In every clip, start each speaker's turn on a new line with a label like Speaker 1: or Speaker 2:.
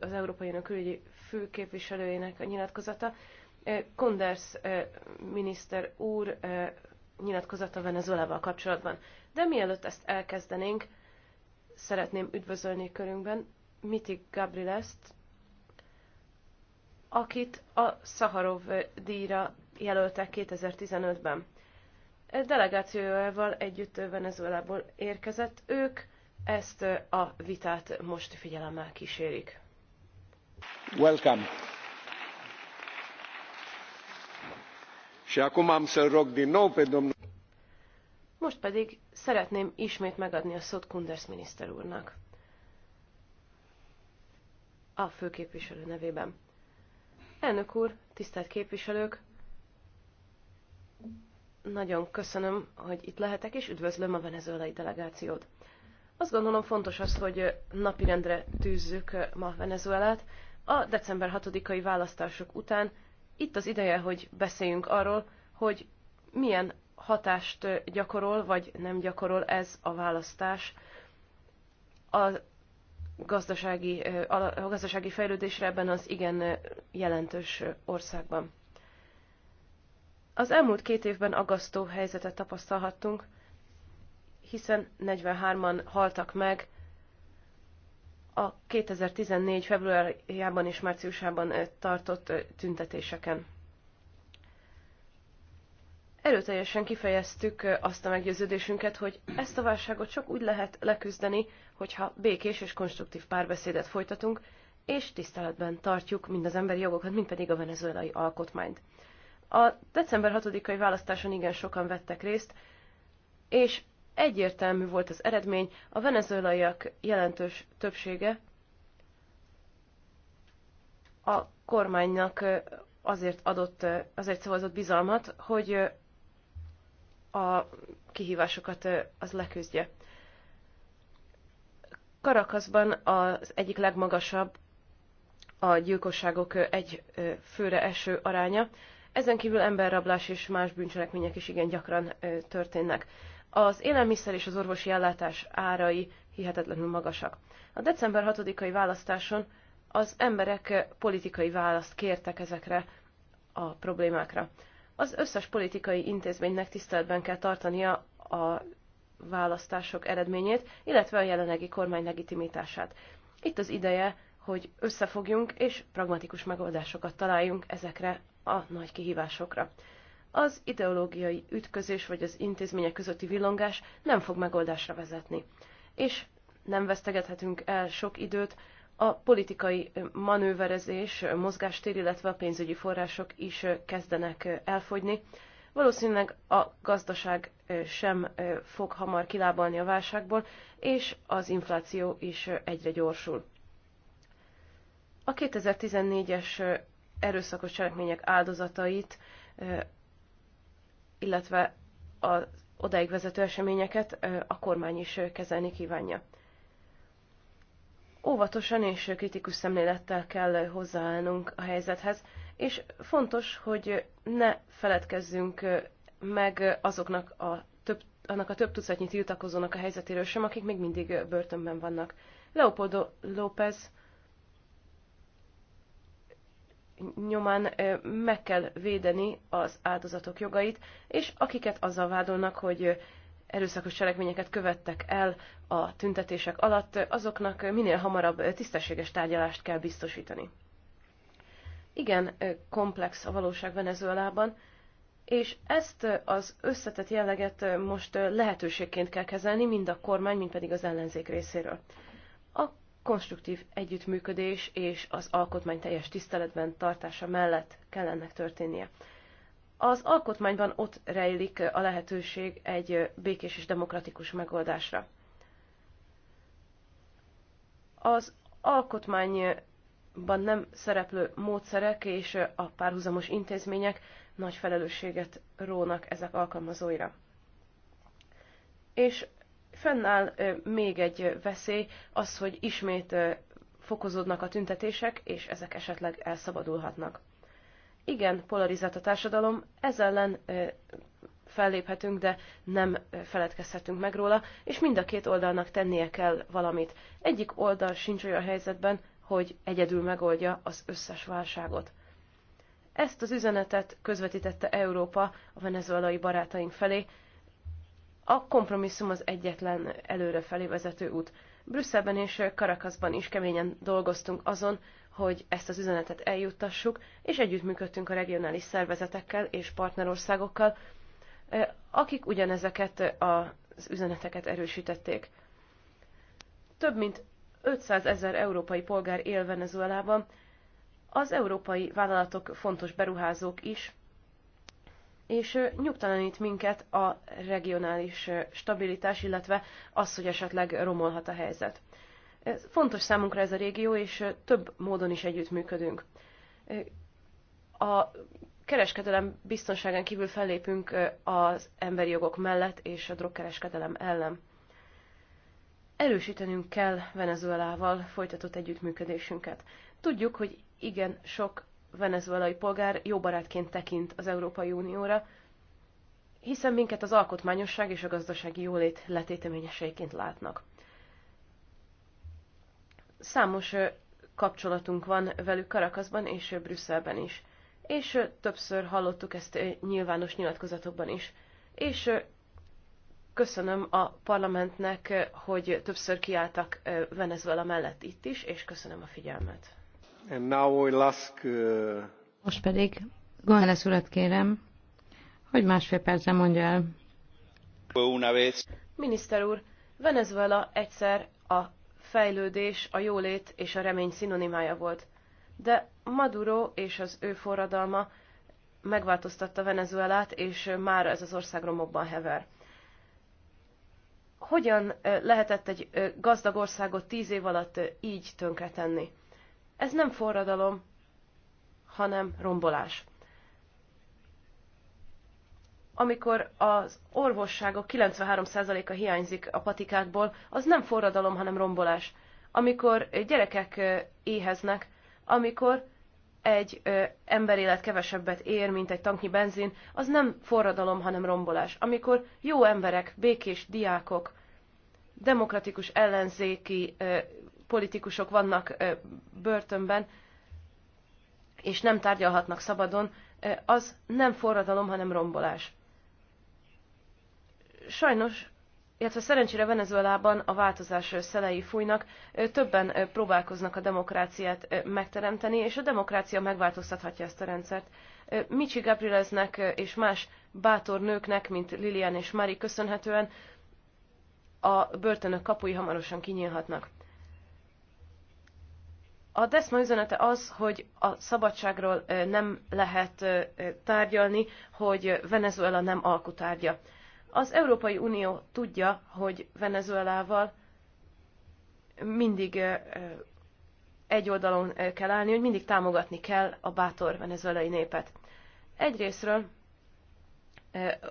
Speaker 1: az Európai Unió külügyi főképviselőjének a nyilatkozata. Konders miniszter úr nyilatkozata Venezuelával kapcsolatban. De mielőtt ezt elkezdenénk, szeretném üdvözölni körünkben Miti Gabrielest, akit a Szaharov díjra jelöltek 2015-ben. Delegációjával együtt Venezuelából érkezett ők, ezt a vitát most figyelemmel kísérik. Welcome. Most pedig szeretném ismét megadni a szót Kunders miniszter úrnak. A főképviselő nevében. Elnök úr, tisztelt képviselők, nagyon köszönöm, hogy itt lehetek, és üdvözlöm a venezuelai delegációt. Azt gondolom fontos az, hogy napirendre tűzzük ma Venezuelát, a december 6-ai választások után itt az ideje, hogy beszéljünk arról, hogy milyen hatást gyakorol, vagy nem gyakorol ez a választás a gazdasági, a gazdasági fejlődésre ebben az igen jelentős országban. Az elmúlt két évben aggasztó helyzetet tapasztalhattunk, hiszen 43-an haltak meg a 2014. februárjában és márciusában tartott tüntetéseken. Erőteljesen kifejeztük azt a meggyőződésünket, hogy ezt a válságot csak úgy lehet leküzdeni, hogyha békés és konstruktív párbeszédet folytatunk, és tiszteletben tartjuk mind az emberi jogokat, mind pedig a venezuelai alkotmányt. A december 6-ai választáson igen sokan vettek részt, és egyértelmű volt az eredmény, a venezuelaiak jelentős többsége a kormánynak azért adott, azért szavazott bizalmat, hogy a kihívásokat az leküzdje. Karakaszban az egyik legmagasabb a gyilkosságok egy főre eső aránya. Ezen kívül emberrablás és más bűncselekmények is igen gyakran történnek az élelmiszer és az orvosi ellátás árai hihetetlenül magasak. A december 6-ai választáson az emberek politikai választ kértek ezekre a problémákra. Az összes politikai intézménynek tiszteletben kell tartania a választások eredményét, illetve a jelenlegi kormány legitimitását. Itt az ideje, hogy összefogjunk és pragmatikus megoldásokat találjunk ezekre a nagy kihívásokra az ideológiai ütközés vagy az intézmények közötti villongás nem fog megoldásra vezetni. És nem vesztegethetünk el sok időt, a politikai manőverezés, mozgástér, illetve a pénzügyi források is kezdenek elfogyni. Valószínűleg a gazdaság sem fog hamar kilábalni a válságból, és az infláció is egyre gyorsul. A 2014-es erőszakos cselekmények áldozatait illetve az odaig vezető eseményeket a kormány is kezelni kívánja. Óvatosan és kritikus szemlélettel kell hozzáállnunk a helyzethez, és fontos, hogy ne feledkezzünk meg azoknak a több, annak a több tucatnyi tiltakozónak a helyzetéről sem, akik még mindig börtönben vannak. Leopoldo López nyomán meg kell védeni az áldozatok jogait, és akiket azzal vádolnak, hogy erőszakos cselekményeket követtek el a tüntetések alatt, azoknak minél hamarabb tisztességes tárgyalást kell biztosítani. Igen, komplex a valóság Venezuelában, és ezt az összetett jelleget most lehetőségként kell kezelni, mind a kormány, mind pedig az ellenzék részéről. A konstruktív együttműködés és az alkotmány teljes tiszteletben tartása mellett kell ennek történnie. Az alkotmányban ott rejlik a lehetőség egy békés és demokratikus megoldásra. Az alkotmányban nem szereplő módszerek és a párhuzamos intézmények nagy felelősséget rónak ezek alkalmazóira. És fennáll még egy veszély, az, hogy ismét fokozódnak a tüntetések, és ezek esetleg elszabadulhatnak. Igen, polarizált a társadalom, ez ellen felléphetünk, de nem feledkezhetünk meg róla, és mind a két oldalnak tennie kell valamit. Egyik oldal sincs olyan helyzetben, hogy egyedül megoldja az összes válságot. Ezt az üzenetet közvetítette Európa a venezuelai barátaink felé, a kompromisszum az egyetlen előrefelé vezető út. Brüsszelben és Karakaszban is keményen dolgoztunk azon, hogy ezt az üzenetet eljuttassuk, és együttműködtünk a regionális szervezetekkel és partnerországokkal, eh, akik ugyanezeket az üzeneteket erősítették. Több mint 500 ezer európai polgár él Venezuelában, az európai vállalatok fontos beruházók is, és nyugtalanít minket a regionális stabilitás, illetve az, hogy esetleg romolhat a helyzet. Fontos számunkra ez a régió, és több módon is együttműködünk. A kereskedelem biztonságán kívül fellépünk az emberi jogok mellett és a drogkereskedelem ellen. Erősítenünk kell Venezuelával folytatott együttműködésünket. Tudjuk, hogy igen sok venezuelai polgár jó barátként tekint az Európai Unióra, hiszen minket az alkotmányosság és a gazdasági jólét letéteményeseiként látnak. Számos kapcsolatunk van velük Karakaszban és Brüsszelben is, és többször hallottuk ezt nyilvános nyilatkozatokban is, és köszönöm a parlamentnek, hogy többször kiálltak Venezuela mellett itt is, és köszönöm a figyelmet.
Speaker 2: Uh,
Speaker 3: Most pedig González urat kérem, hogy másfél percre mondja el.
Speaker 1: Miniszter úr, Venezuela egyszer a fejlődés, a jólét és a remény szinonimája volt. De Maduro és az ő forradalma megváltoztatta Venezuelát, és már ez az ország romokban hever. Hogyan lehetett egy gazdag országot tíz év alatt így tönkretenni? Ez nem forradalom, hanem rombolás. Amikor az orvosságok 93%-a hiányzik a patikákból, az nem forradalom, hanem rombolás. Amikor gyerekek éheznek, amikor egy ö, emberélet kevesebbet ér, mint egy tanknyi benzin, az nem forradalom, hanem rombolás. Amikor jó emberek, békés diákok, demokratikus ellenzéki ö, politikusok vannak börtönben, és nem tárgyalhatnak szabadon, az nem forradalom, hanem rombolás. Sajnos, illetve szerencsére Venezuelában a változás szelei fújnak, többen próbálkoznak a demokráciát megteremteni, és a demokrácia megváltoztathatja ezt a rendszert. Michi Gabrieleznek és más bátor nőknek, mint Lilian és Mari köszönhetően a börtönök kapui hamarosan kinyílhatnak. A DESMA üzenete az, hogy a szabadságról nem lehet tárgyalni, hogy Venezuela nem alkutárgya. Az Európai Unió tudja, hogy Venezuelával mindig egy oldalon kell állni, hogy mindig támogatni kell a bátor venezuelai népet. Egyrésztről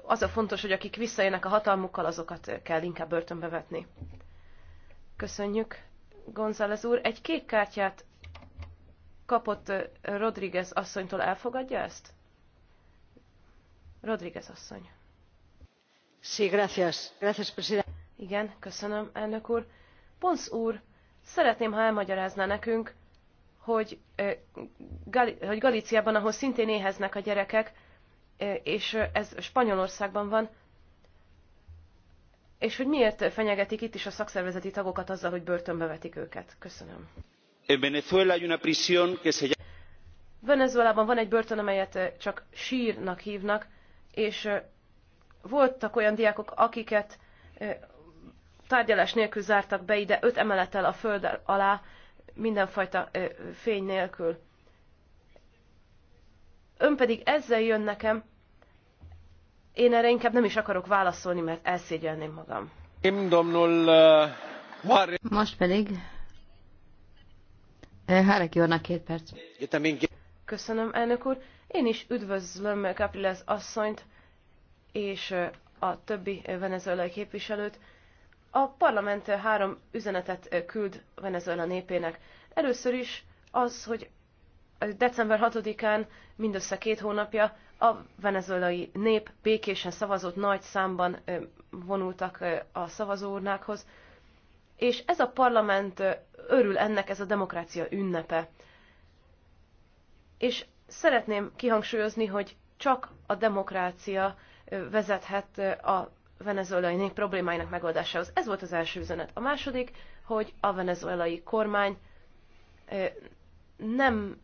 Speaker 1: az a fontos, hogy akik visszajönnek a hatalmukkal, azokat kell inkább börtönbe vetni. Köszönjük, González úr. Egy kék kártyát kapott Rodriguez asszonytól elfogadja ezt? Rodriguez asszony. Sí, gracias. Gracias, presidente. Igen, köszönöm, elnök úr. Ponsz úr, szeretném, ha elmagyarázná nekünk, hogy, hogy Galíciában, ahol szintén éheznek a gyerekek, és ez Spanyolországban van, és hogy miért fenyegetik itt is a szakszervezeti tagokat azzal, hogy börtönbe vetik őket. Köszönöm. Venezuelában van egy börtön, amelyet eh, csak sírnak hívnak, és eh, voltak olyan diákok, akiket eh, tárgyalás nélkül zártak be ide, öt emelettel a föld alá, mindenfajta fény nélkül. Ön pedig ezzel jön nekem, én erre inkább nem is akarok válaszolni, mert elszégyelném magam.
Speaker 3: Most pedig Eh, Háreki úrnak két perc.
Speaker 1: Köszönöm, elnök úr. Én is üdvözlöm Capriles asszonyt és eh, a többi eh, venezuelai képviselőt. A parlament három üzenetet küld Venezuela népének. Először is az, hogy december 6-án, mindössze két hónapja, a venezuelai nép békésen szavazott nagy számban vonultak a szavazóurnákhoz, és ez a parlament örül ennek, ez a demokrácia ünnepe. És szeretném kihangsúlyozni, hogy csak a demokrácia vezethet a venezuelai nép problémáinak megoldásához. Ez volt az első üzenet. A második, hogy a venezuelai kormány nem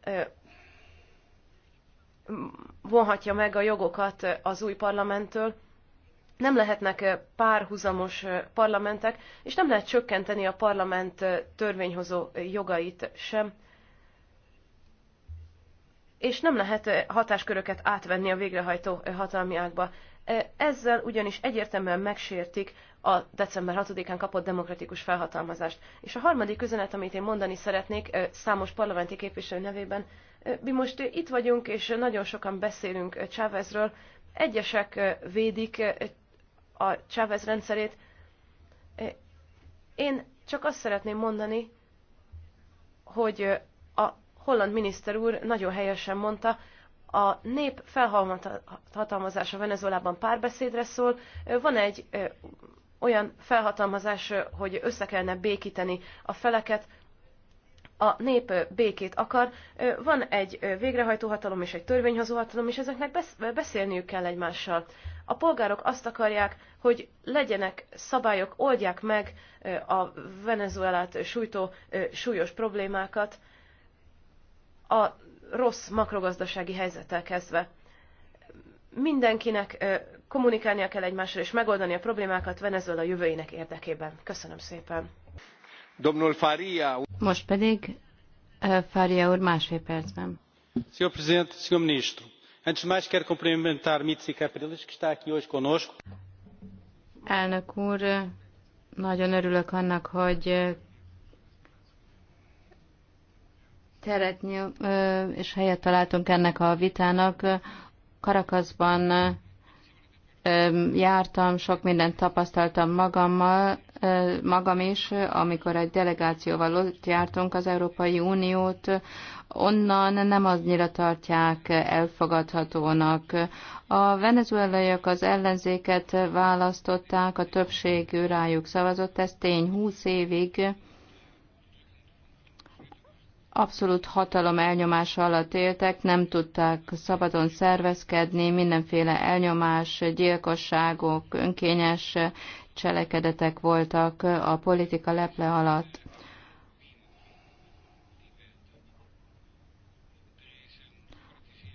Speaker 1: vonhatja meg a jogokat az új parlamenttől, nem lehetnek párhuzamos parlamentek, és nem lehet csökkenteni a parlament törvényhozó jogait sem, és nem lehet hatásköröket átvenni a végrehajtó hatalmi ágba. Ezzel ugyanis egyértelműen megsértik a december 6-án kapott demokratikus felhatalmazást. És a harmadik üzenet, amit én mondani szeretnék számos parlamenti képviselő nevében, mi most itt vagyunk, és nagyon sokan beszélünk Chávezről, egyesek védik a Chávez rendszerét. Én csak azt szeretném mondani, hogy a holland miniszter úr nagyon helyesen mondta, a nép felhatalmazása Venezuelában párbeszédre szól. Van egy olyan felhatalmazás, hogy össze kellene békíteni a feleket, a nép békét akar, van egy végrehajtó hatalom és egy törvényhozó hatalom, és ezeknek beszélniük kell egymással. A polgárok azt akarják, hogy legyenek szabályok, oldják meg a Venezuelát sújtó súlyos problémákat a rossz makrogazdasági helyzettel kezdve. Mindenkinek kommunikálnia kell egymással és megoldani a problémákat Venezuela jövőjének érdekében.
Speaker 3: Köszönöm szépen! Domnul Faria. Most pedig eh, Faria úr másfél percben.
Speaker 2: Senhor Presidente, Senhor Ministro, antes de mais quero cumprimentar Mitzi Capriles, que está aqui hoje conosco.
Speaker 3: Elnök úr, eh, nagyon örülök annak, hogy eh, teret és helyet találtunk ennek a vitának. Karakaszban jártam, sok mindent tapasztaltam magammal, magam is, amikor egy delegációval ott jártunk az Európai Uniót, onnan nem annyira tartják elfogadhatónak. A venezuelaiak az ellenzéket választották, a többség rájuk szavazott, ez tény 20 évig abszolút hatalom elnyomása alatt éltek, nem tudták szabadon szervezkedni, mindenféle elnyomás, gyilkosságok, önkényes cselekedetek voltak a politika leple alatt.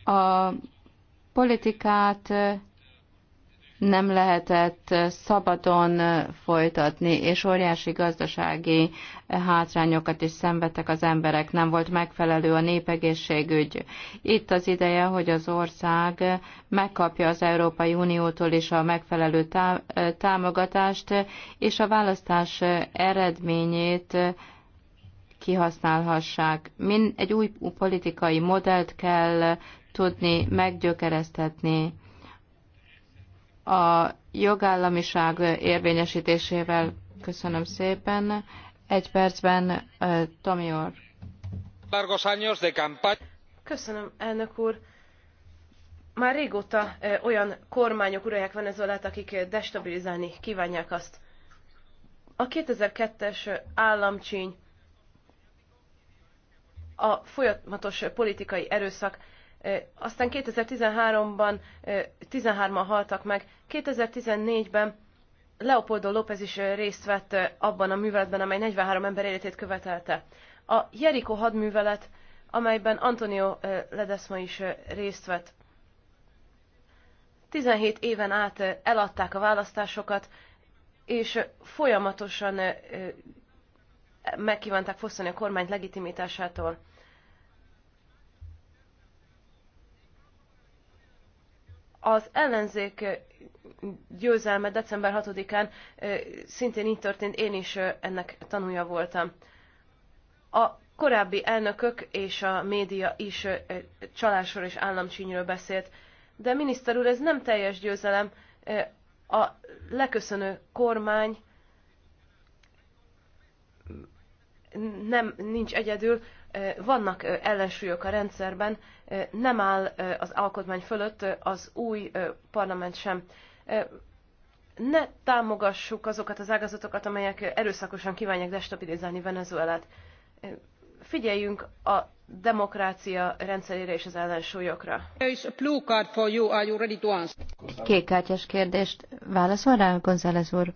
Speaker 3: A politikát nem lehetett szabadon folytatni, és óriási gazdasági hátrányokat is szenvedtek az emberek, nem volt megfelelő a népegészségügy. Itt az ideje, hogy az ország megkapja az Európai Uniótól is a megfelelő támogatást, és a választás eredményét kihasználhassák. Mind egy új politikai modellt kell tudni meggyökeresztetni a jogállamiság érvényesítésével. Köszönöm szépen. Egy percben uh, Tomi Orr.
Speaker 1: Köszönöm, elnök úr. Már régóta olyan kormányok uralják Venezuelát, akik destabilizálni kívánják azt. A 2002-es államcsíny, a folyamatos politikai erőszak, aztán 2013-ban 13-an haltak meg, 2014-ben Leopoldo López is részt vett abban a műveletben, amely 43 ember életét követelte. A Jericho hadművelet, amelyben Antonio Ledesma is részt vett. 17 éven át eladták a választásokat, és folyamatosan megkívánták fosztani a kormány legitimitásától. Az ellenzék győzelme december 6-án szintén így történt, én is ennek tanúja voltam. A korábbi elnökök és a média is csalásról és államcsínyről beszélt, de miniszter úr, ez nem teljes győzelem. A leköszönő kormány nem nincs egyedül, vannak ellensúlyok a rendszerben, nem áll az alkotmány fölött az új parlament sem. Ne támogassuk azokat az ágazatokat, amelyek erőszakosan kívánják destabilizálni Venezuelát. Figyeljünk a demokrácia rendszerére és az ellensúlyokra. Egy
Speaker 3: kékkártyás kérdést válaszol rá, González úr?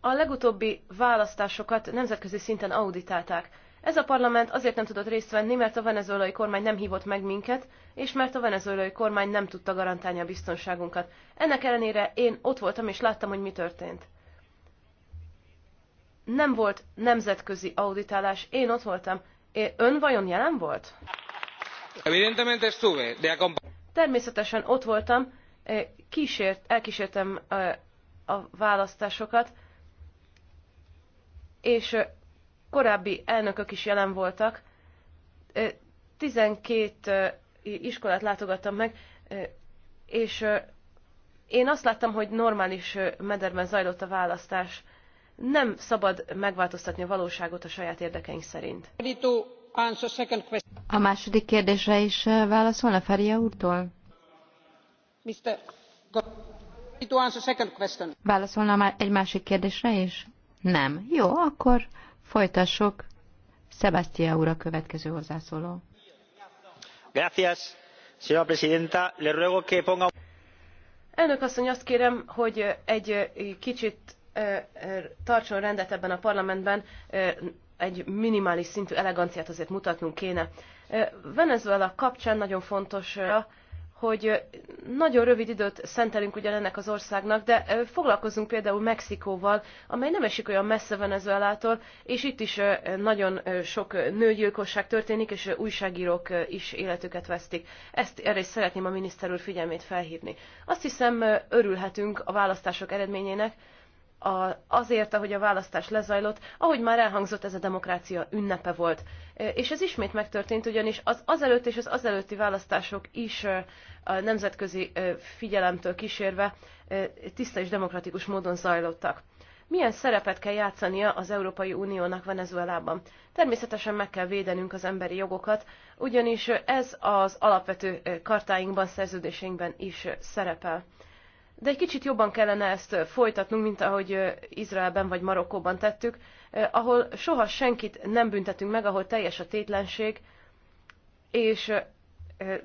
Speaker 2: A
Speaker 1: legutóbbi választásokat nemzetközi szinten auditálták ez a parlament azért nem tudott részt venni, mert a venezuelai kormány nem hívott meg minket, és mert a venezuelai kormány nem tudta garantálni a biztonságunkat. Ennek ellenére én ott voltam és láttam, hogy mi történt. Nem volt nemzetközi auditálás, én ott voltam. Ön vajon jelen volt? Természetesen ott voltam, kísért, elkísértem a választásokat, és korábbi elnökök is jelen voltak. 12 iskolát látogattam meg, és én azt láttam, hogy normális mederben zajlott a választás. Nem szabad megváltoztatni a valóságot a saját érdekeink szerint.
Speaker 3: A második kérdésre is válaszolna Feria úrtól? Válaszolna egy másik kérdésre is? Nem. Jó, akkor Folytassuk. Sebastián úr a következő hozzászóló. Gracias, señora presidenta. Le ruego que ponga... Elnök asszony, azt kérem, hogy egy
Speaker 1: kicsit tartson rendet ebben a parlamentben, egy minimális szintű eleganciát azért mutatnunk kéne. Venezuela kapcsán nagyon fontos hogy nagyon rövid időt szentelünk ugyan ennek az országnak, de foglalkozunk például Mexikóval, amely nem esik olyan messze Venezuelától, és itt is nagyon sok nőgyilkosság történik, és újságírók is életüket vesztik. Ezt erre is szeretném a miniszter úr figyelmét felhívni. Azt hiszem, örülhetünk a választások eredményének, a, azért, ahogy a választás lezajlott, ahogy már elhangzott, ez a demokrácia ünnepe volt. És ez ismét megtörtént, ugyanis az azelőtt és az azelőtti választások is a nemzetközi figyelemtől kísérve tiszta és demokratikus módon zajlottak. Milyen szerepet kell játszania az Európai Uniónak Venezuelában? Természetesen meg kell védenünk az emberi jogokat, ugyanis ez az alapvető kartáinkban, szerződésünkben is szerepel de egy kicsit jobban kellene ezt folytatnunk, mint ahogy Izraelben vagy Marokkóban tettük, ahol soha senkit nem büntetünk meg, ahol teljes a tétlenség, és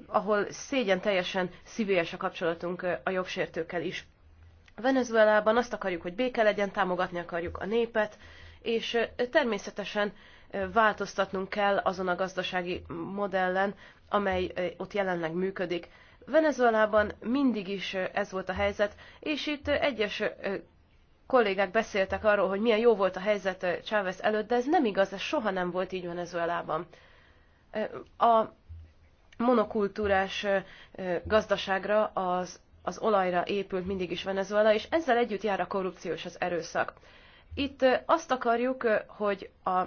Speaker 1: ahol szégyen teljesen szívélyes a kapcsolatunk a jogsértőkkel is. Venezuelában azt akarjuk, hogy béke legyen, támogatni akarjuk a népet, és természetesen változtatnunk kell azon a gazdasági modellen, amely ott jelenleg működik. Venezuelában mindig is ez volt a helyzet, és itt egyes kollégák beszéltek arról, hogy milyen jó volt a helyzet Chávez előtt, de ez nem igaz, ez soha nem volt így Venezuelában. A monokultúrás gazdaságra, az, az olajra épült mindig is Venezuela, és ezzel együtt jár a korrupció és az erőszak. Itt azt akarjuk, hogy a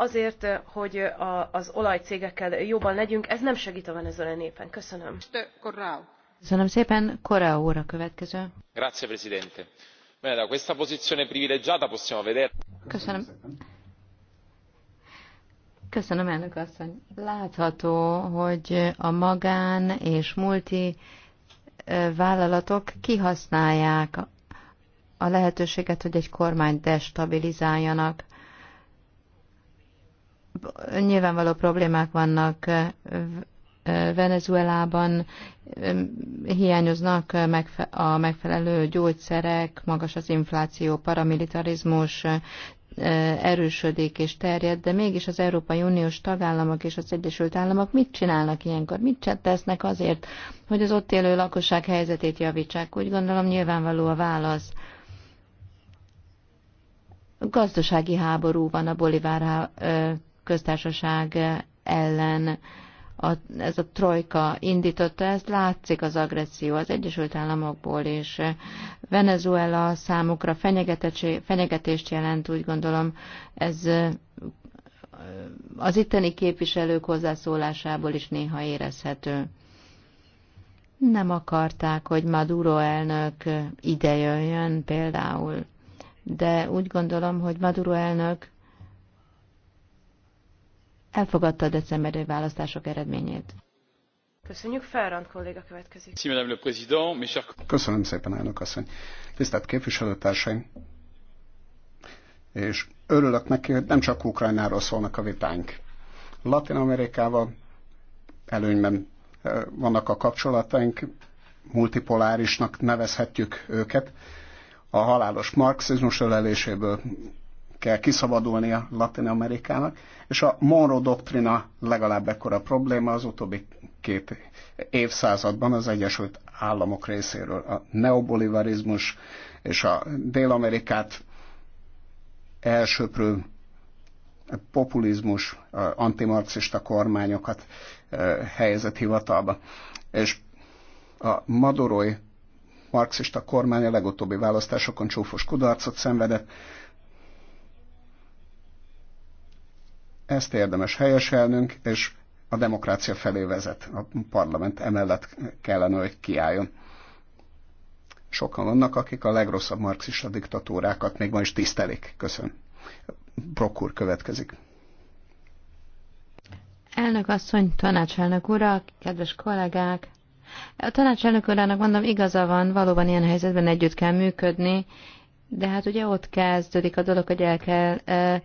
Speaker 1: azért, eh, hogy eh, a, az olajcégekkel jobban legyünk. Ez nem segít a venezuelai népen. Köszönöm.
Speaker 3: Köszönöm szépen. Korra óra következő.
Speaker 2: Grazie, Presidente. Bene, da questa posizione privilegiata possiamo vedere...
Speaker 1: Köszönöm.
Speaker 3: Köszönöm, elnök asszony. Látható, hogy a magán és multi eh, vállalatok kihasználják a lehetőséget, hogy egy kormányt destabilizáljanak nyilvánvaló problémák vannak Venezuelában, hiányoznak a megfelelő gyógyszerek, magas az infláció, paramilitarizmus, erősödik és terjed, de mégis az Európai Uniós tagállamok és az Egyesült Államok mit csinálnak ilyenkor? Mit tesznek azért, hogy az ott élő lakosság helyzetét javítsák? Úgy gondolom nyilvánvaló a válasz. Gazdasági háború van a bolivár köztársaság ellen a, ez a trojka indította, ez látszik az agresszió az Egyesült Államokból is. Venezuela számukra fenyegetést jelent, úgy gondolom, ez az itteni képviselők hozzászólásából is néha érezhető. Nem akarták, hogy Maduro elnök idejöjjön például, de úgy gondolom, hogy Maduro elnök elfogadta a decemberi választások eredményét.
Speaker 1: Köszönjük, Ferrand kolléga következik.
Speaker 2: Köszönöm szépen, elnök asszony. Tisztelt képviselőtársaim! És örülök neki, hogy nem csak Ukrajnáról szólnak a vitáink. Latin Amerikával előnyben eh, vannak a kapcsolataink, multipolárisnak nevezhetjük őket. A halálos marxizmus öleléséből kell kiszabadulnia Latin Amerikának, és a Monroe doktrina legalább ekkora probléma az utóbbi két évszázadban az Egyesült Államok részéről. A neobolivarizmus és a Dél-Amerikát elsőprő populizmus, antimarxista kormányokat helyezett hivatalba. És a madorói marxista kormány a legutóbbi választásokon csúfos kudarcot szenvedett, Ezt érdemes helyeselnünk, és a demokrácia felé vezet. A parlament emellett kellene, hogy kiálljon. Sokan vannak, akik a legrosszabb marxista diktatúrákat még ma is tisztelik. Köszönöm. Prokur következik.
Speaker 3: Elnök asszony, tanácselnök urak, kedves kollégák! A tanácselnök urának mondom, igaza van, valóban ilyen helyzetben együtt kell működni, de hát ugye ott kezdődik a dolog, hogy el kell uh,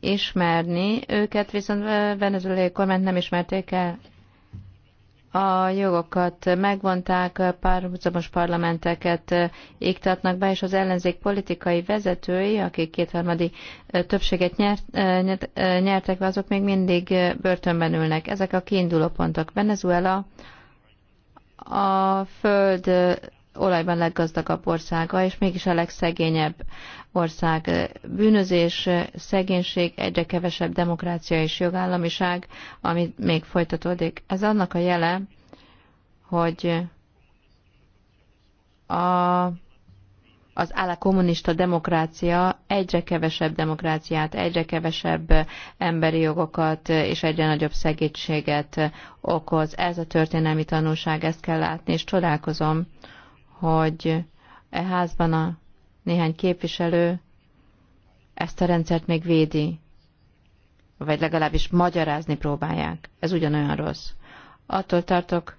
Speaker 3: ismerni őket, viszont venezuelai kormányt nem ismerték el. A jogokat megvonták, párhuzamos parlamenteket iktatnak be, és az ellenzék politikai vezetői, akik kétharmadi többséget nyert, nyert, nyertek be, azok még mindig börtönben ülnek. Ezek a kiinduló pontok. Venezuela a föld olajban leggazdagabb országa, és mégis a legszegényebb ország. Bűnözés, szegénység, egyre kevesebb demokrácia és jogállamiság, ami még folytatódik. Ez annak a jele, hogy a, az állakommunista demokrácia egyre kevesebb demokráciát, egyre kevesebb emberi jogokat és egyre nagyobb szegénységet okoz. Ez a történelmi tanulság, ezt kell látni, és csodálkozom, hogy e házban a néhány képviselő ezt a rendszert még védi, vagy legalábbis magyarázni próbálják. Ez ugyanolyan rossz. Attól tartok,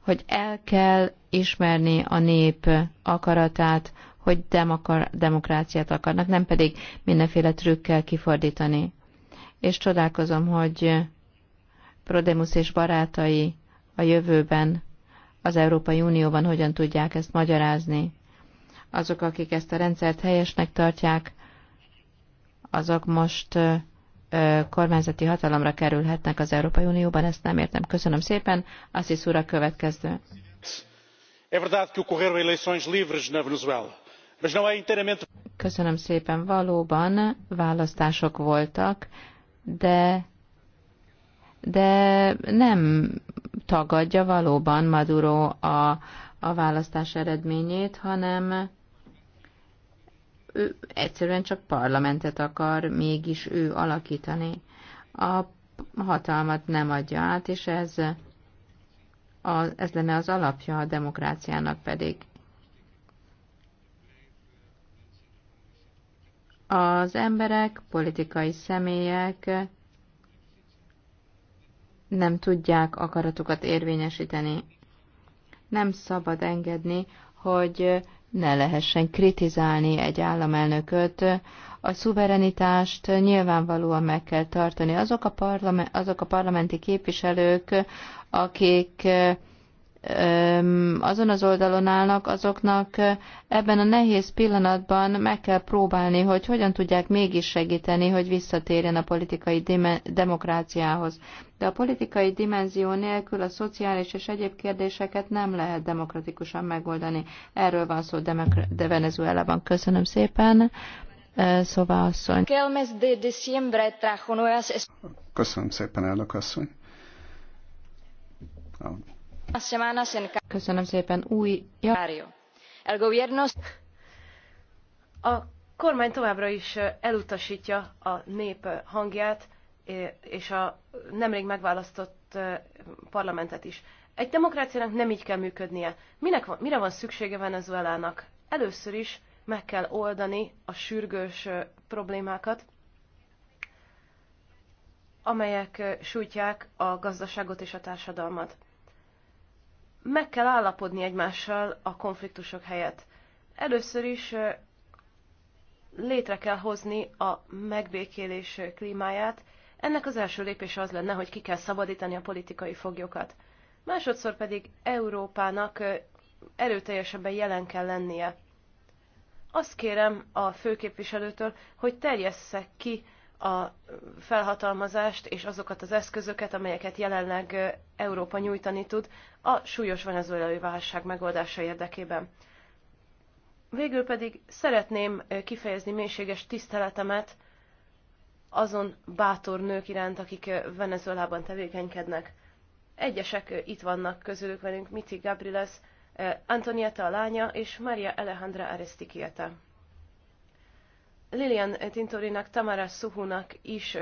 Speaker 3: hogy el kell ismerni a nép akaratát, hogy demokar, demokráciát akarnak, nem pedig mindenféle trükkel kifordítani. És csodálkozom, hogy Prodemus és barátai a jövőben az Európai Unióban hogyan tudják ezt magyarázni. Azok, akik ezt a rendszert helyesnek tartják, azok most kormányzati hatalomra kerülhetnek az Európai Unióban, ezt nem értem. Köszönöm szépen. hisz, úr a következő. Köszönöm szépen. Valóban választások voltak, de, de nem tagadja valóban Maduro a, a választás eredményét, hanem ő egyszerűen csak parlamentet akar mégis ő alakítani. A hatalmat nem adja át, és ez, a, ez lenne az alapja a demokráciának pedig. Az emberek, politikai személyek nem tudják akaratukat érvényesíteni. Nem szabad engedni, hogy ne lehessen kritizálni egy államelnököt. A szuverenitást nyilvánvalóan meg kell tartani. Azok a, parlament, azok a parlamenti képviselők, akik azon az oldalon állnak, azoknak ebben a nehéz pillanatban meg kell próbálni, hogy hogyan tudják mégis segíteni, hogy visszatérjen a politikai demokráciához. De a politikai dimenzió nélkül a szociális és egyéb kérdéseket nem lehet demokratikusan megoldani. Erről van szó de Venezuelában. Köszönöm szépen. Szóval asszony.
Speaker 2: Köszönöm szépen, elnök asszony.
Speaker 3: A Köszönöm szépen. Új...
Speaker 1: A kormány továbbra is elutasítja a nép hangját, és a nemrég megválasztott parlamentet is. Egy demokráciának nem így kell működnie. Minek van, mire van szüksége Venezuelának? Először is meg kell oldani a sürgős problémákat, amelyek sújtják a gazdaságot és a társadalmat meg kell állapodni egymással a konfliktusok helyett. Először is létre kell hozni a megbékélés klímáját. Ennek az első lépése az lenne, hogy ki kell szabadítani a politikai foglyokat. Másodszor pedig Európának erőteljesebben jelen kell lennie. Azt kérem a főképviselőtől, hogy terjessze ki a felhatalmazást és azokat az eszközöket, amelyeket jelenleg Európa nyújtani tud a súlyos venezuelai válság megoldása érdekében. Végül pedig szeretném kifejezni mélységes tiszteletemet azon bátor nők iránt, akik Venezuelában tevékenykednek. Egyesek itt vannak közülük velünk, Mici Gabriles, Antonieta a lánya és Maria Alejandra Arestikieta. Lilian Tintorinak, Tamara Suhunak is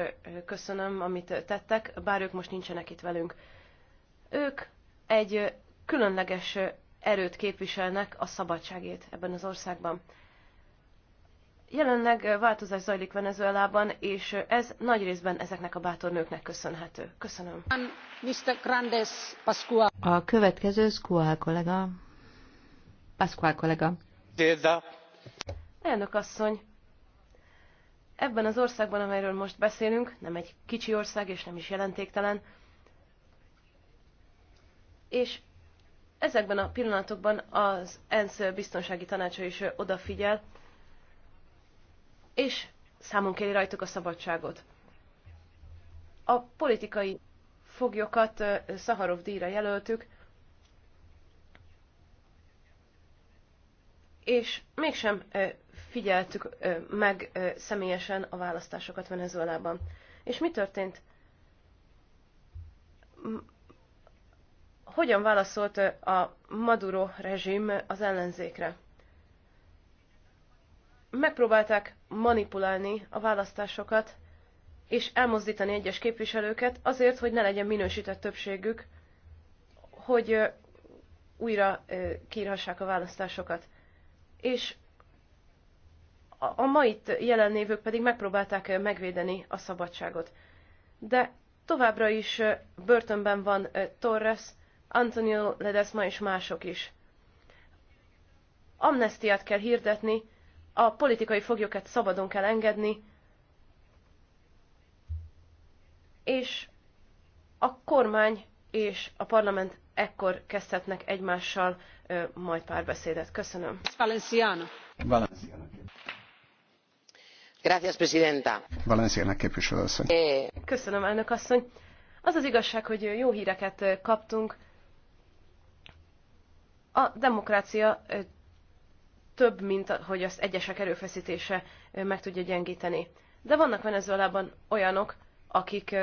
Speaker 1: köszönöm, amit tettek, bár ők most nincsenek itt velünk. Ők egy különleges erőt képviselnek a szabadságét ebben az országban. Jelenleg változás zajlik Venezuelában, és ez nagy részben ezeknek a bátor nőknek köszönhető. Köszönöm. Mr. Grandes
Speaker 3: A következő Squall kollega. Pascual kollega.
Speaker 1: Elnök asszony, Ebben az országban, amelyről most beszélünk, nem egy kicsi ország, és nem is jelentéktelen, és ezekben a pillanatokban az ENSZ biztonsági tanácsa is odafigyel, és számunk kéri rajtuk a szabadságot. A politikai foglyokat Szaharov díjra jelöltük, és mégsem figyeltük meg személyesen a választásokat Venezuelában. És mi történt? Hogyan válaszolt a Maduro rezsim az ellenzékre? Megpróbálták manipulálni a választásokat, és elmozdítani egyes képviselőket azért, hogy ne legyen minősített többségük, hogy újra kírhassák a választásokat. És a mai jelenlévők pedig megpróbálták megvédeni a szabadságot. De továbbra is börtönben van Torres, Antonio Ledesma és mások is. Amnestiát kell hirdetni, a politikai foglyokat szabadon kell engedni, és a kormány és a parlament ekkor kezdhetnek egymással majd párbeszédet. Köszönöm. Valenciano.
Speaker 2: Valenciano.
Speaker 3: Eh,
Speaker 1: Köszönöm, elnök asszony. Az az igazság, hogy jó híreket eh, kaptunk. A demokrácia eh, több, mint hogy azt egyesek erőfeszítése meg tudja gyengíteni. De vannak Venezuelában olyanok, akik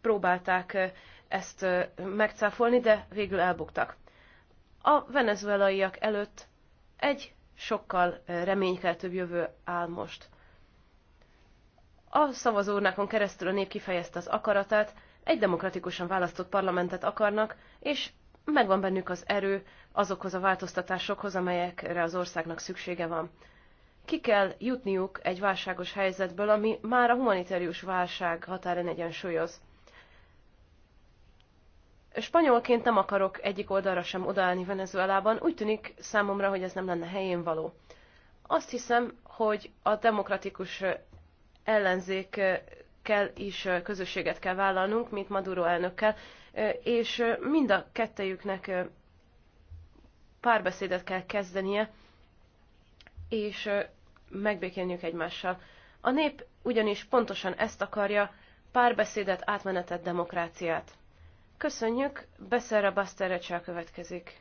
Speaker 1: próbálták ezt megcáfolni, de végül elbuktak. A venezuelaiak előtt egy sokkal reménykeltőbb jövő áll most. A szavazórnákon keresztül a nép kifejezte az akaratát, egy demokratikusan választott parlamentet akarnak, és megvan bennük az erő azokhoz a változtatásokhoz, amelyekre az országnak szüksége van. Ki kell jutniuk egy válságos helyzetből, ami már a humanitárius válság határen egyensúlyoz. Spanyolként nem akarok egyik oldalra sem odaállni Venezuelában, úgy tűnik számomra, hogy ez nem lenne helyén való. Azt hiszem, hogy a demokratikus ellenzékkel is közösséget kell vállalnunk, mint Maduro elnökkel, és mind a kettejüknek párbeszédet kell kezdenie, és megbékélniük egymással. A nép ugyanis pontosan ezt akarja, párbeszédet, átmenetet, demokráciát. Köszönjük, Beszerra Basterecsel következik.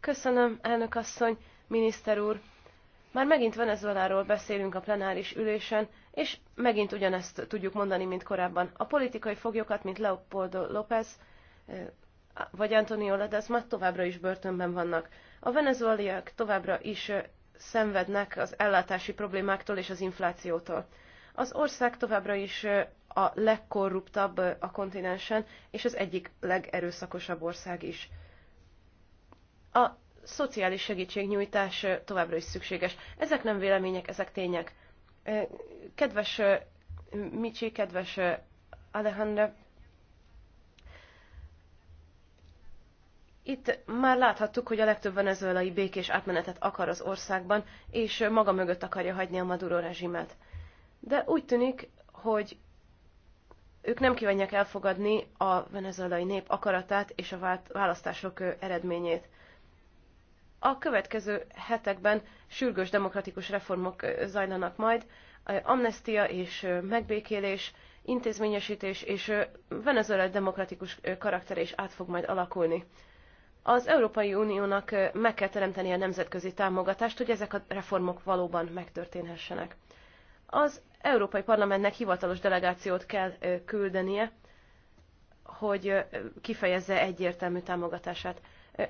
Speaker 1: Köszönöm, elnök asszony, miniszter úr, már megint Venezueláról beszélünk a plenáris ülésen, és megint ugyanezt tudjuk mondani, mint korábban. A politikai foglyokat, mint Leopoldo López eh, vagy Antonio Ledezma továbbra is börtönben vannak. A venezueliak továbbra is eh, szenvednek az ellátási problémáktól és az inflációtól. Az ország továbbra is eh, a legkorruptabb a kontinensen, és az egyik legerőszakosabb ország is. A szociális segítségnyújtás továbbra is szükséges. Ezek nem vélemények, ezek tények. Kedves Micsi, kedves Alejandro, Itt már láthattuk, hogy a legtöbb venezuelai békés átmenetet akar az országban, és maga mögött akarja hagyni a Maduro rezsimet. De úgy tűnik, hogy ők nem kívánják elfogadni a venezuelai nép akaratát és a választások eredményét. A következő hetekben sürgős demokratikus reformok zajlanak majd, amnestia és megbékélés, intézményesítés és Venezuela demokratikus karakter is át fog majd alakulni. Az Európai Uniónak meg kell teremteni a nemzetközi támogatást, hogy ezek a reformok valóban megtörténhessenek. Az Európai Parlamentnek hivatalos delegációt kell küldenie, hogy kifejezze egyértelmű támogatását.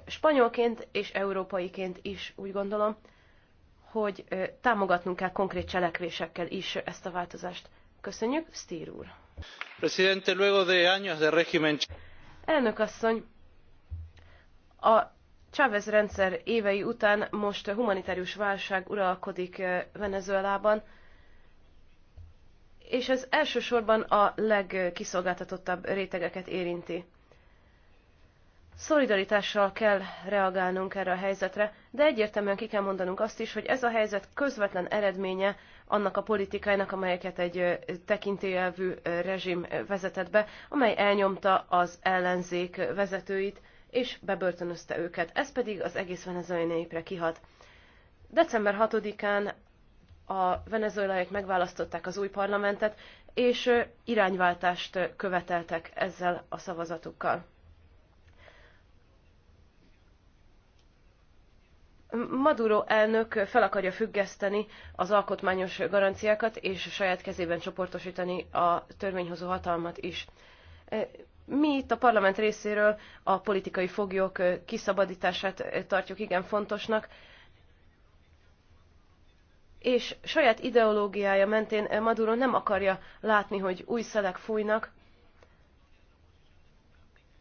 Speaker 1: Spanyolként és európaiként is úgy gondolom, hogy támogatnunk kell konkrét cselekvésekkel is ezt a változást. Köszönjük, Stier
Speaker 3: úr! Presidente, luego de años de régimen...
Speaker 1: Elnök asszony, a Chávez rendszer évei után most humanitárius válság uralkodik Venezuelában, és ez elsősorban a legkiszolgáltatottabb rétegeket érinti. Szolidaritással kell reagálnunk erre a helyzetre, de egyértelműen ki kell mondanunk azt is, hogy ez a helyzet közvetlen eredménye annak a politikájának, amelyeket egy tekintélyelvű rezsim vezetett be, amely elnyomta az ellenzék vezetőit és bebörtönözte őket. Ez pedig az egész venezuelai népre kihat. December 6-án a venezuelaiak megválasztották az új parlamentet, és irányváltást követeltek ezzel a szavazatukkal. Maduro elnök fel akarja függeszteni az alkotmányos garanciákat, és saját kezében csoportosítani a törvényhozó hatalmat is. E, mi itt a parlament részéről a politikai foglyok kiszabadítását tartjuk igen fontosnak, és saját ideológiája mentén Maduro nem akarja látni, hogy új szelek fújnak.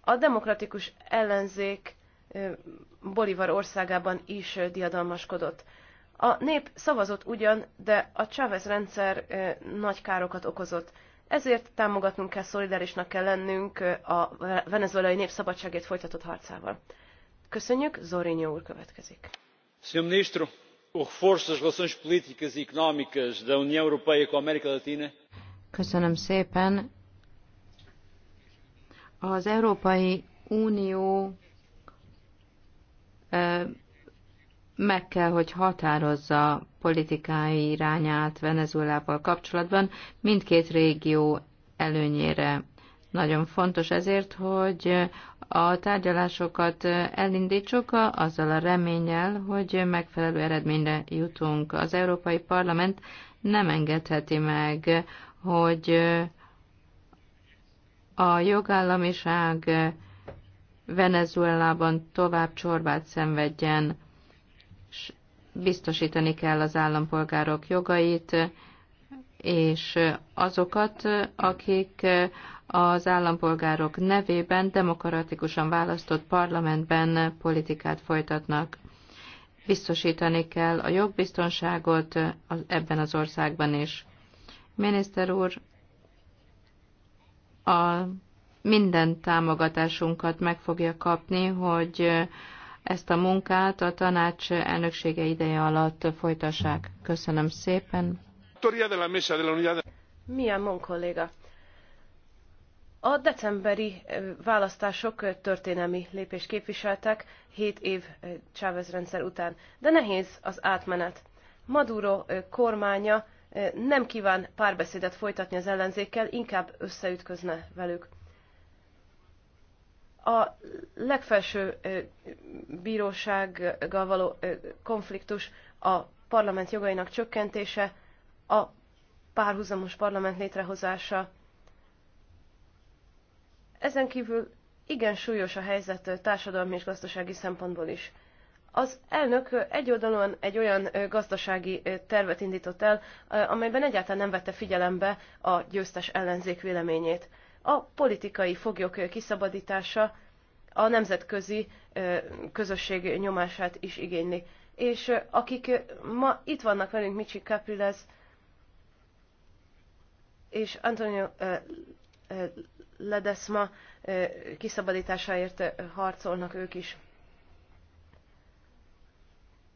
Speaker 1: A demokratikus ellenzék e, Bolivar országában is diadalmaskodott. A nép szavazott ugyan, de a Chávez rendszer nagy károkat okozott. Ezért támogatnunk kell, szolidárisnak kell lennünk a venezuelai nép szabadságért folytatott harcával. Köszönjük, Zorinho úr következik.
Speaker 2: Sr. Ministro, o reforço das relações políticas e económicas da União Europeia com a América Latina.
Speaker 3: Köszönöm szépen. Az Európai Unió meg kell, hogy határozza politikai irányát Venezuelával kapcsolatban mindkét régió előnyére. Nagyon fontos ezért, hogy a tárgyalásokat elindítsuk azzal a reménnyel, hogy megfelelő eredményre jutunk. Az Európai Parlament nem engedheti meg, hogy a jogállamiság Venezuelában tovább csorbát szenvedjen, és biztosítani kell az állampolgárok jogait, és azokat, akik az állampolgárok nevében demokratikusan választott parlamentben politikát folytatnak. Biztosítani kell a jogbiztonságot ebben az országban is. Miniszter úr, a minden támogatásunkat meg fogja kapni, hogy ezt a munkát a tanács elnöksége ideje alatt folytassák. Köszönöm szépen.
Speaker 1: Milyen mon kolléga? A decemberi választások történelmi lépést képviseltek 7 év Chávez rendszer után, de nehéz az átmenet. Maduro kormánya nem kíván párbeszédet folytatni az ellenzékkel, inkább összeütközne velük. A legfelső bírósággal való konfliktus, a parlament jogainak csökkentése, a párhuzamos parlament létrehozása. Ezen kívül igen súlyos a helyzet társadalmi és gazdasági szempontból is. Az elnök egyoldalúan egy olyan gazdasági tervet indított el, amelyben egyáltalán nem vette figyelembe a győztes ellenzék véleményét a politikai foglyok kiszabadítása a nemzetközi közösség nyomását is igényli. És akik ma itt vannak velünk, Michi Capriles és Antonio Ledesma kiszabadításáért harcolnak ők is.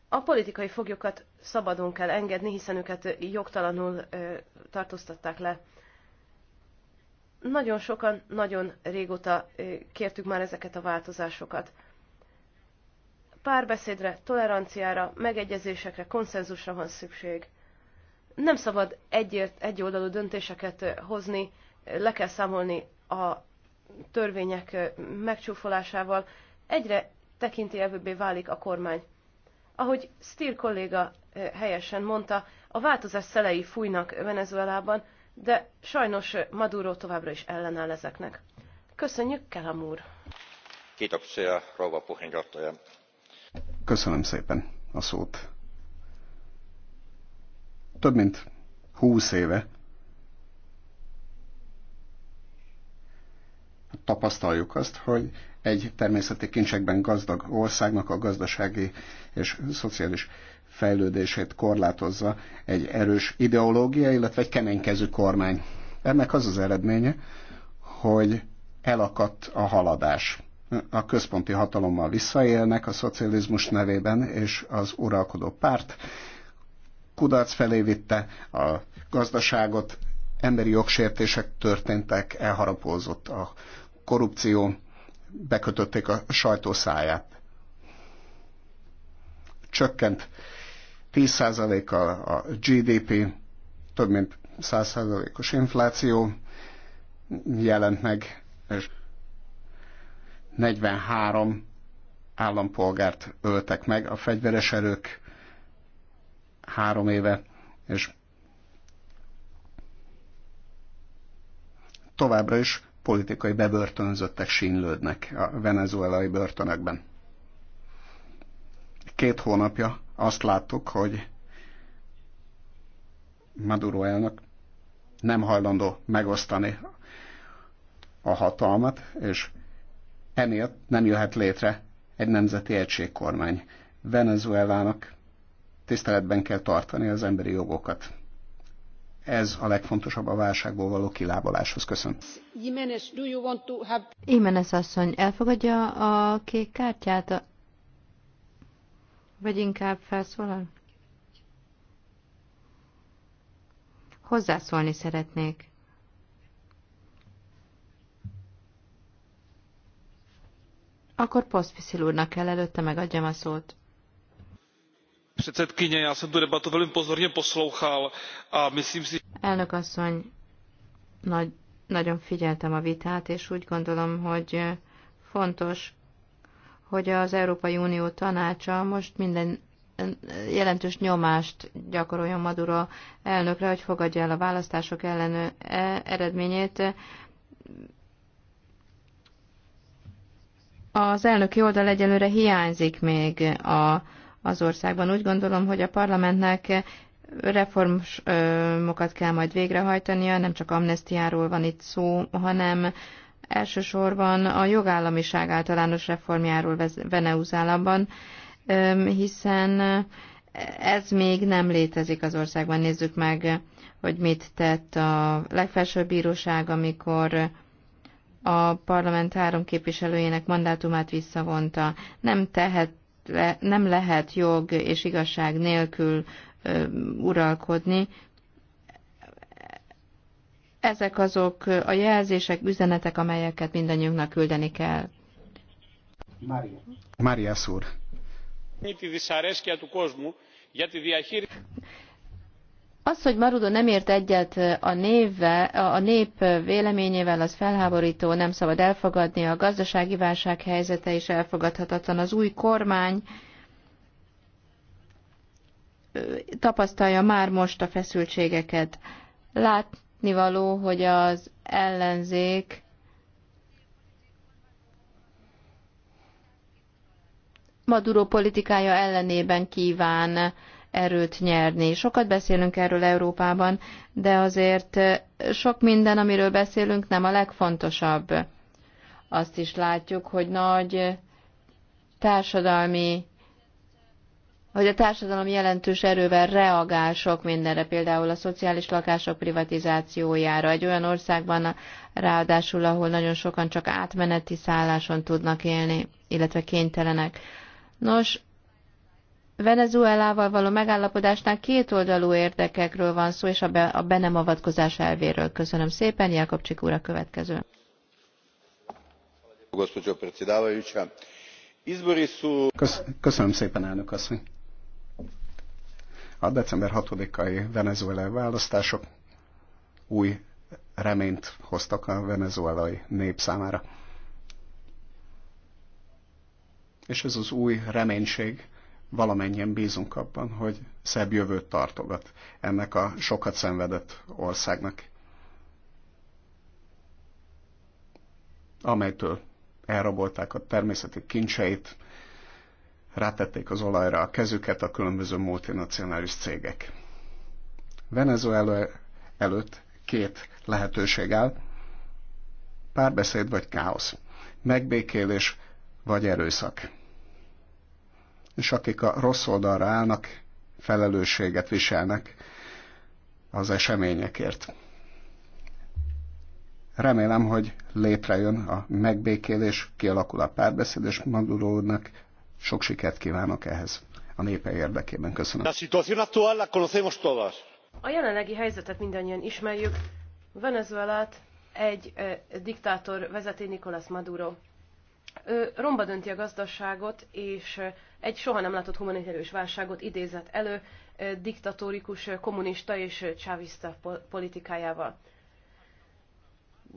Speaker 1: A politikai foglyokat szabadon kell engedni, hiszen őket jogtalanul tartóztatták le. Nagyon sokan, nagyon régóta kértük már ezeket a változásokat. Párbeszédre, toleranciára, megegyezésekre, konszenzusra van szükség. Nem szabad egyért, egyoldalú döntéseket hozni, le kell számolni a törvények megcsúfolásával. Egyre tekintélyebbé válik a kormány. Ahogy Stier kolléga helyesen mondta, a változás szelei fújnak Venezuelában, de sajnos eh, Maduro továbbra is ellenáll ezeknek. Köszönjük, Kelam úr!
Speaker 2: Köszönöm szépen a szót. Több mint húsz éve tapasztaljuk azt, hogy egy természeti kincsekben gazdag országnak a gazdasági és szociális fejlődését korlátozza egy erős ideológia, illetve egy keménykezű kormány. Ennek az az eredménye, hogy elakadt a haladás. A központi hatalommal visszaélnek a szocializmus nevében, és az uralkodó párt kudarc felé vitte a gazdaságot, emberi jogsértések történtek, elharapózott a korrupció, bekötötték a sajtó száját. Csökkent 10%-a a GDP, több mint 100%-os infláció jelent meg, és 43 állampolgárt öltek meg a fegyveres erők három éve, és továbbra is politikai bebörtönzöttek sínlődnek a venezuelai börtönökben. Két hónapja azt láttuk, hogy Maduro elnök nem hajlandó megosztani a hatalmat, és emiatt nem jöhet létre egy nemzeti egységkormány. Venezuelának tiszteletben kell tartani az emberi jogokat. Ez a legfontosabb a válságból való kilábaláshoz.
Speaker 3: Köszönöm.
Speaker 1: Jimenez, do you want to have...
Speaker 3: Jimenez asszony, elfogadja a kék kártyát? Vagy inkább felszólal? Hozzászólni szeretnék. Akkor Poszpiszil úrnak kell előtte megadjam a szót.
Speaker 2: Předsedkyně, já jsem tu debatu velmi pozorně poslouchal a myslím si...
Speaker 3: Elnök asszony, nagy, nagyon figyeltem a vitát, és úgy gondolom, hogy fontos, hogy az Európai Unió tanácsa most minden jelentős nyomást gyakoroljon Maduro elnökre, hogy fogadja el a választások ellenő e, eredményét. Az elnöki oldal egyelőre hiányzik még a, az országban. Úgy gondolom, hogy a parlamentnek reformokat kell majd végrehajtania, nem csak amnestiáról van itt szó, hanem elsősorban a jogállamiság általános reformjáról Venezuelában, hiszen ez még nem létezik az országban. Nézzük meg, hogy mit tett a legfelsőbb bíróság, amikor a parlament három képviselőjének mandátumát visszavonta. Nem, tehet, nem lehet jog és igazság nélkül uralkodni, ezek azok a jelzések, üzenetek, amelyeket mindannyiunknak küldeni kell. Mária. úr. Az, hogy Marudo nem ért egyet a, névve, a nép véleményével, az felháborító, nem szabad elfogadni, a gazdasági válság helyzete is elfogadhatatlan. Az új kormány tapasztalja már most a feszültségeket. Lát, látnivaló, hogy az ellenzék Maduro politikája ellenében kíván erőt nyerni. Sokat beszélünk erről Európában, de azért sok minden, amiről beszélünk, nem a legfontosabb. Azt is látjuk, hogy nagy társadalmi hogy a társadalom jelentős erővel reagál sok mindenre, például a szociális lakások privatizációjára. Egy olyan országban ráadásul, ahol nagyon sokan csak átmeneti szálláson tudnak élni, illetve kénytelenek. Nos, Venezuelával való megállapodásnál kétoldalú érdekekről van szó, és a be, a be nem avatkozás elvéről. Köszönöm szépen, Jakob Csik úr a következő.
Speaker 2: Köszönöm szépen, elnök asszony. A december 6-ai venezuelai választások új reményt hoztak a venezuelai nép számára. És ez az új reménység valamennyien bízunk abban, hogy szebb jövőt tartogat ennek a sokat szenvedett országnak, amelytől elrabolták a természeti kincseit, rátették az olajra a kezüket a különböző multinacionális cégek. Venezuela előtt két lehetőség áll, párbeszéd vagy káosz, megbékélés vagy erőszak. És akik a rossz oldalra állnak, felelősséget viselnek az eseményekért. Remélem, hogy létrejön a megbékélés, kialakul a párbeszéd, és Maduro sok sikert kívánok ehhez a népe érdekében. Köszönöm.
Speaker 1: A jelenlegi helyzetet mindannyian ismerjük. Venezuelát egy diktátor vezeti Nicolás Maduro. Ő romba dönti a gazdaságot, és egy soha nem látott humanitárius válságot idézett elő diktatórikus, kommunista és eh, csávista politikájával.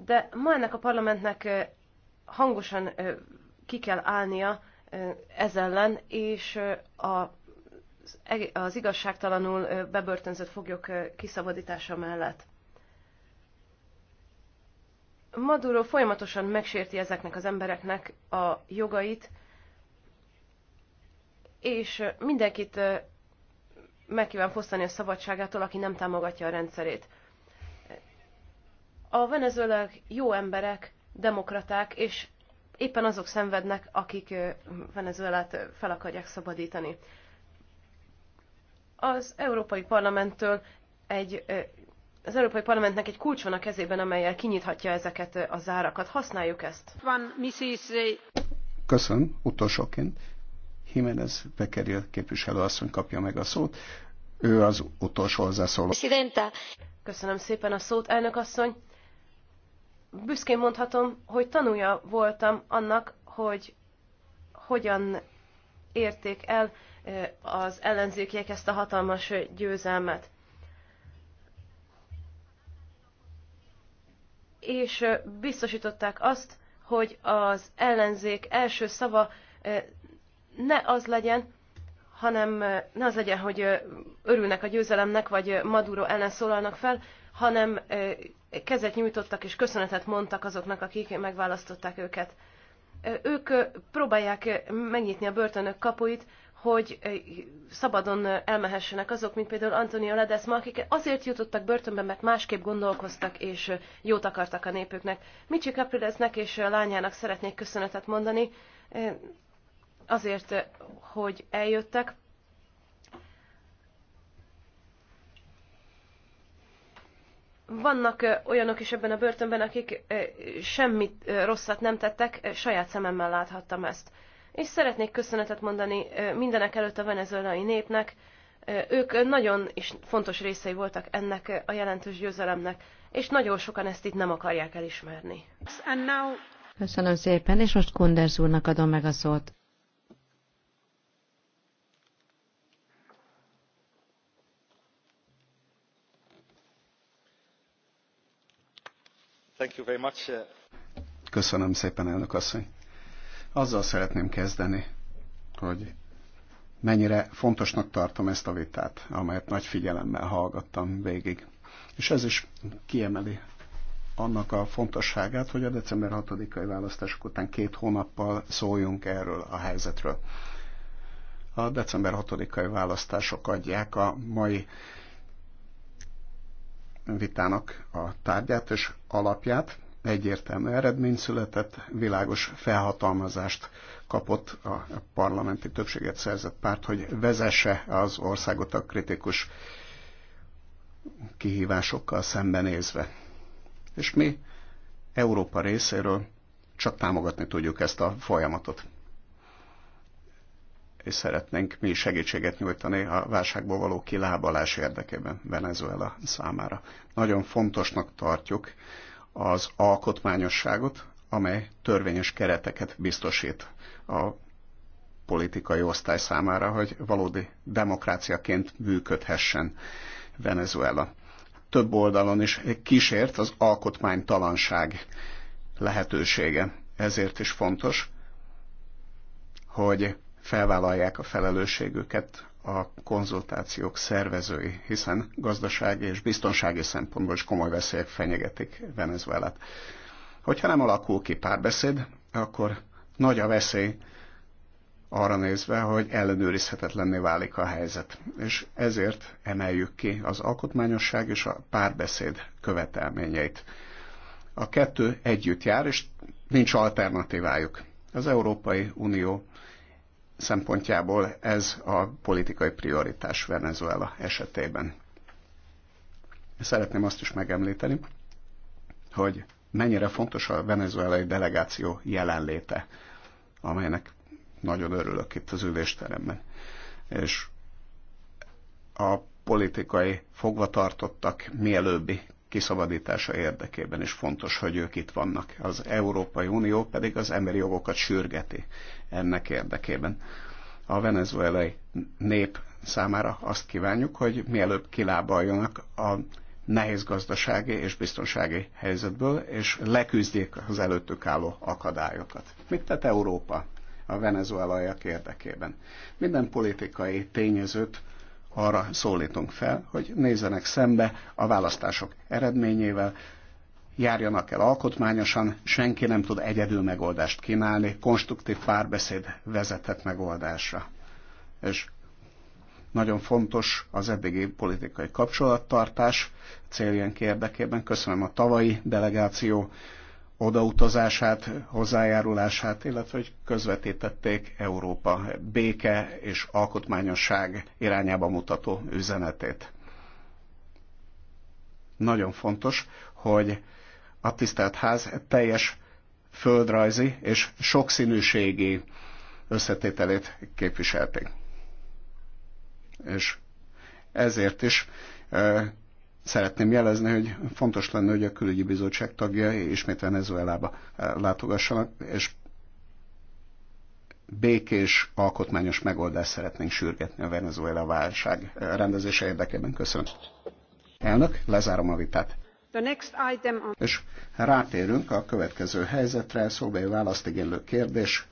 Speaker 1: De ma ennek a parlamentnek hangosan ki kell állnia ez ellen, és a, az igazságtalanul bebörtönzött foglyok kiszabadítása mellett. Maduro folyamatosan megsérti ezeknek az embereknek a jogait, és mindenkit megkíván fosztani a szabadságától, aki nem támogatja a rendszerét. A venezuelák jó emberek, demokraták, és éppen azok szenvednek, akik Venezuelát fel akarják szabadítani. Az Európai Parlamenttől egy az Európai Parlamentnek egy kulcs van a kezében, amelyel kinyithatja ezeket a zárakat. Használjuk ezt. Van Mrs.
Speaker 2: Köszönöm, utolsóként. Jiménez Bekeril képviselőasszony kapja meg a szót. Ő az utolsó hozzászóló.
Speaker 1: Köszönöm szépen a szót, elnök asszony büszkén mondhatom, hogy tanúja voltam annak, hogy hogyan érték el az ellenzékiek ezt a hatalmas győzelmet. És biztosították azt, hogy az ellenzék első szava ne az legyen, hanem ne az legyen, hogy örülnek a győzelemnek, vagy Maduro ellen szólalnak fel, hanem kezet nyújtottak és köszönetet mondtak azoknak, akik megválasztották őket. Ők próbálják megnyitni a börtönök kapuit, hogy szabadon elmehessenek azok, mint például Antonio Ledesma, akik azért jutottak börtönbe, mert másképp gondolkoztak és jót akartak a népüknek. Micsi Caprilesnek és a lányának szeretnék köszönetet mondani azért, hogy eljöttek, vannak olyanok is ebben a börtönben, akik semmit rosszat nem tettek, saját szememmel láthattam ezt. És szeretnék köszönetet mondani mindenek előtt a venezuelai népnek. Ők nagyon is fontos részei voltak ennek a jelentős győzelemnek, és nagyon sokan ezt itt nem akarják elismerni.
Speaker 3: Köszönöm szépen, és most Kunders úrnak adom meg a szót.
Speaker 2: Uh, Köszönöm szépen, elnök asszony. Azzal szeretném kezdeni, hogy mennyire fontosnak tartom ezt a vitát, amelyet nagy figyelemmel hallgattam végig. És ez is kiemeli annak a fontosságát, hogy a december 6-ai választások után két hónappal szóljunk erről a helyzetről. A december 6-ai választások adják a mai vitának a tárgyát és alapját. Egyértelmű eredmény született, világos felhatalmazást kapott a parlamenti többséget szerzett párt, hogy vezesse az országot a kritikus kihívásokkal szembenézve. És mi Európa részéről csak támogatni tudjuk ezt a folyamatot és szeretnénk mi segítséget nyújtani a válságból való kilábalás érdekében Venezuela számára. Nagyon fontosnak tartjuk az alkotmányosságot, amely törvényes kereteket biztosít a politikai osztály számára, hogy valódi demokráciaként működhessen Venezuela. Több oldalon is kísért az alkotmánytalanság lehetősége. Ezért is fontos, hogy felvállalják a felelősségüket a konzultációk szervezői, hiszen gazdasági és biztonsági szempontból is komoly veszélyek fenyegetik Venezuelát. Hogyha nem alakul ki párbeszéd, akkor nagy a veszély arra nézve, hogy ellenőrizhetetlenné válik a helyzet. És ezért emeljük ki az alkotmányosság és a párbeszéd követelményeit. A kettő együtt jár, és nincs alternatívájuk. Az Európai Unió szempontjából ez a politikai prioritás Venezuela esetében. Szeretném azt is megemlíteni, hogy mennyire fontos a venezuelai delegáció jelenléte, amelynek nagyon örülök itt az ülésteremben. És a politikai fogvatartottak mielőbbi kiszabadítása érdekében is fontos, hogy ők itt vannak. Az Európai Unió pedig az emberi jogokat sürgeti ennek érdekében. A venezuelai nép számára azt kívánjuk, hogy mielőbb kilábaljanak a nehéz gazdasági és biztonsági helyzetből, és leküzdjék az előttük álló akadályokat. Mit tett Európa a venezuelaiak érdekében? Minden politikai tényezőt arra szólítunk fel, hogy nézzenek szembe a választások eredményével, járjanak el alkotmányosan, senki nem tud egyedül megoldást kínálni, konstruktív párbeszéd vezetett megoldásra. És nagyon fontos az eddigi politikai kapcsolattartás céljánk érdekében. Köszönöm a tavalyi delegáció odautazását, hozzájárulását, illetve hogy közvetítették Európa béke és alkotmányosság irányába mutató üzenetét. Nagyon fontos, hogy a tisztelt ház teljes földrajzi és sokszínűségi összetételét képviselték. És ezért is szeretném jelezni, hogy fontos lenne, hogy a külügyi bizottság tagja ismét Venezuelába eh, látogassanak, és békés, alkotmányos megoldást szeretnénk sürgetni a Venezuela válság eh, rendezése érdekében. Köszönöm. Elnök, lezárom a vitát. On... És rátérünk a következő helyzetre, szóbeli választigénylő kérdés.